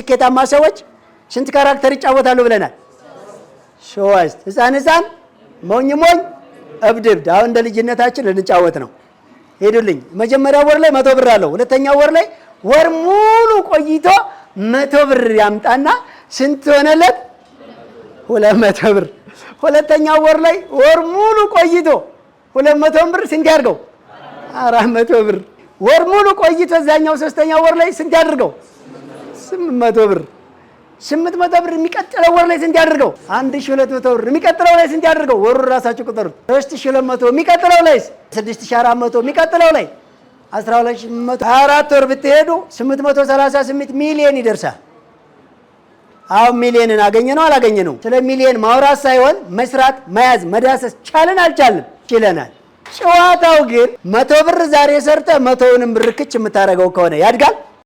ስኬታማ ሰዎች ስንት ካራክተር ይጫወታሉ ብለናል? ሶስት። ህፃን ህፃን፣ ሞኝ ሞኝ፣ እብድ እብድ። አሁን እንደ ልጅነታችን ልንጫወት ነው። ሄዱልኝ። መጀመሪያ ወር ላይ መቶ ብር አለው። ሁለተኛ ወር ላይ ወር ሙሉ ቆይቶ መቶ ብር ያምጣና ስንት ሆነለት? ሁለት መቶ ብር። ሁለተኛ ወር ላይ ወር ሙሉ ቆይቶ ሁለት መቶን ብር ስንት ያድርገው? አራት መቶ ብር። ወር ሙሉ ቆይቶ እዛኛው ሶስተኛ ወር ላይ ስንት ያድርገው? ስምንት መቶ ብር ስምንት መቶ ብር የሚቀጥለው ወር ላይ ስንት ያድርገው? አንድ ሺ ሁለት መቶ ብር የሚቀጥለው ላይ ስንት ያድርገው? ወሩ ራሳችሁ ቁጠሩት። ሶስት ሁለት መቶ የሚቀጥለው ላይ ስድስት ሺህ አራት መቶ የሚቀጥለው ላይ አስራ ሁለት መቶ ሀያ አራት ወር ብትሄዱ ስምንት መቶ ሰላሳ ስምንት ሚሊየን ይደርሳል። አሁን ሚሊየንን አገኘ ነው አላገኘ ነው? ስለ ሚሊየን ማውራት ሳይሆን መስራት፣ መያዝ፣ መዳሰስ ቻልን አልቻልም ችለናል። ጨዋታው ግን መቶ ብር ዛሬ ሰርተ መቶውንም ብርክች የምታደርገው ከሆነ ያድጋል።